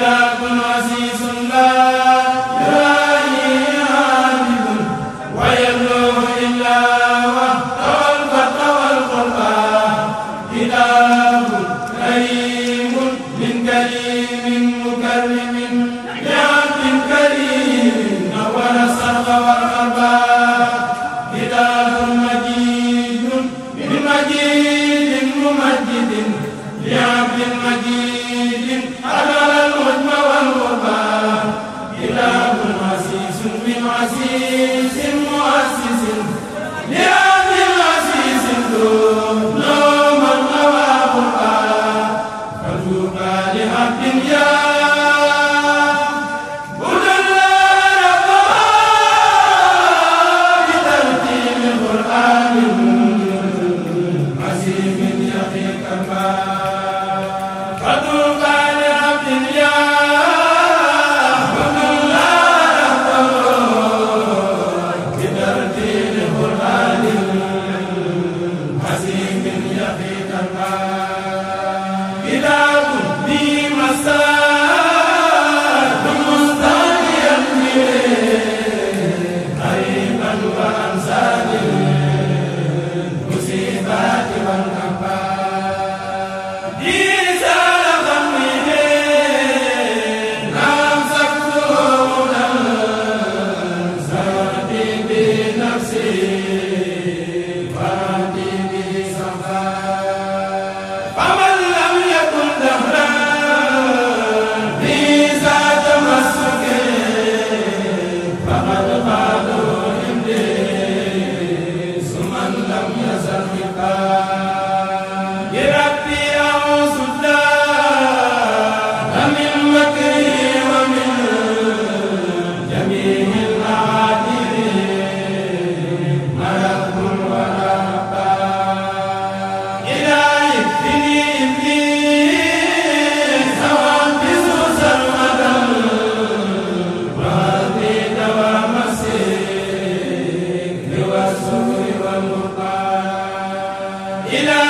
ila Did ila